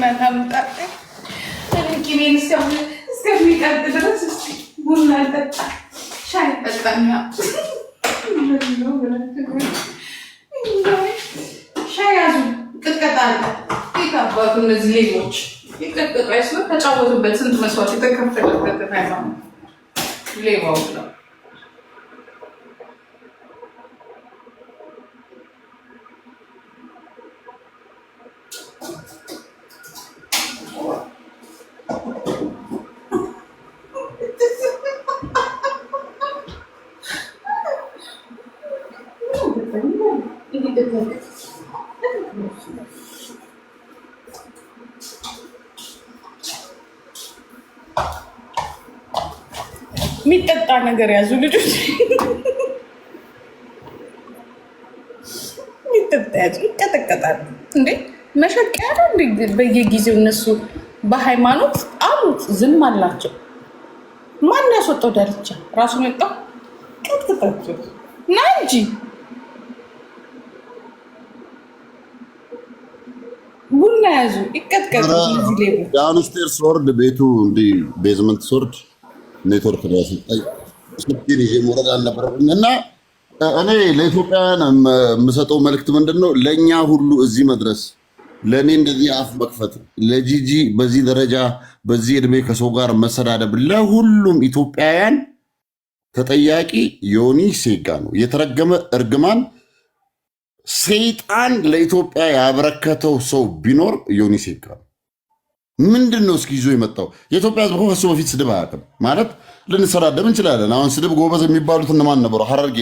ቡና ምጣጤ ድረስ ቡና ሻይ ያዙ አለ። አባቱ እነዚህ ሌቦች ተጫወቱበት። ስንት መስዋዕት የተከፈለበት ሌባው ነው። የሚጠጣ ነገር ያዙ ልጆች፣ የሚጠጣ ያዙ። ይቀጠቀጣሉ እንዴ! መሸቀያ ነው እንዴ! በየጊዜው እነሱ በሃይማኖት አሉት፣ ዝም አላቸው። ማን ያስወጣው ዳርቻ ራሱን ወጣው። ቀጥቅጣቸው ና እንጂ ቡና ያዙ ይቀጥቀጡ። ዳውንስቴር ስወርድ ቤቱ እንዲህ ቤዝመንት ስወርድ ኔትወርክ ሊያሰጣኝ ይዤ መውረድ አልነበረብኝ እና እኔ ለኢትዮጵያውያን የምሰጠው መልእክት ምንድን ነው? ለእኛ ሁሉ እዚህ መድረስ ለእኔ እንደዚህ አፍ መክፈት ለጂጂ በዚህ ደረጃ በዚህ እድሜ ከሰው ጋር መሰዳደብ ለሁሉም ኢትዮጵያውያን ተጠያቂ ዮኒ ሴጋ ነው። የተረገመ እርግማን ሰይጣን ለኢትዮጵያ ያበረከተው ሰው ቢኖር ዮኒ ሴጋ ምንድን ነው እስኪ ይዞ የመጣው የኢትዮጵያ ህዝብ ከሱ በፊት ስድብ አያውቅም። ማለት ልንሰዳደብ እንችላለን። አሁን ስድብ ጎበዝ የሚባሉት እነማን ነበሩ? ሀረርጌ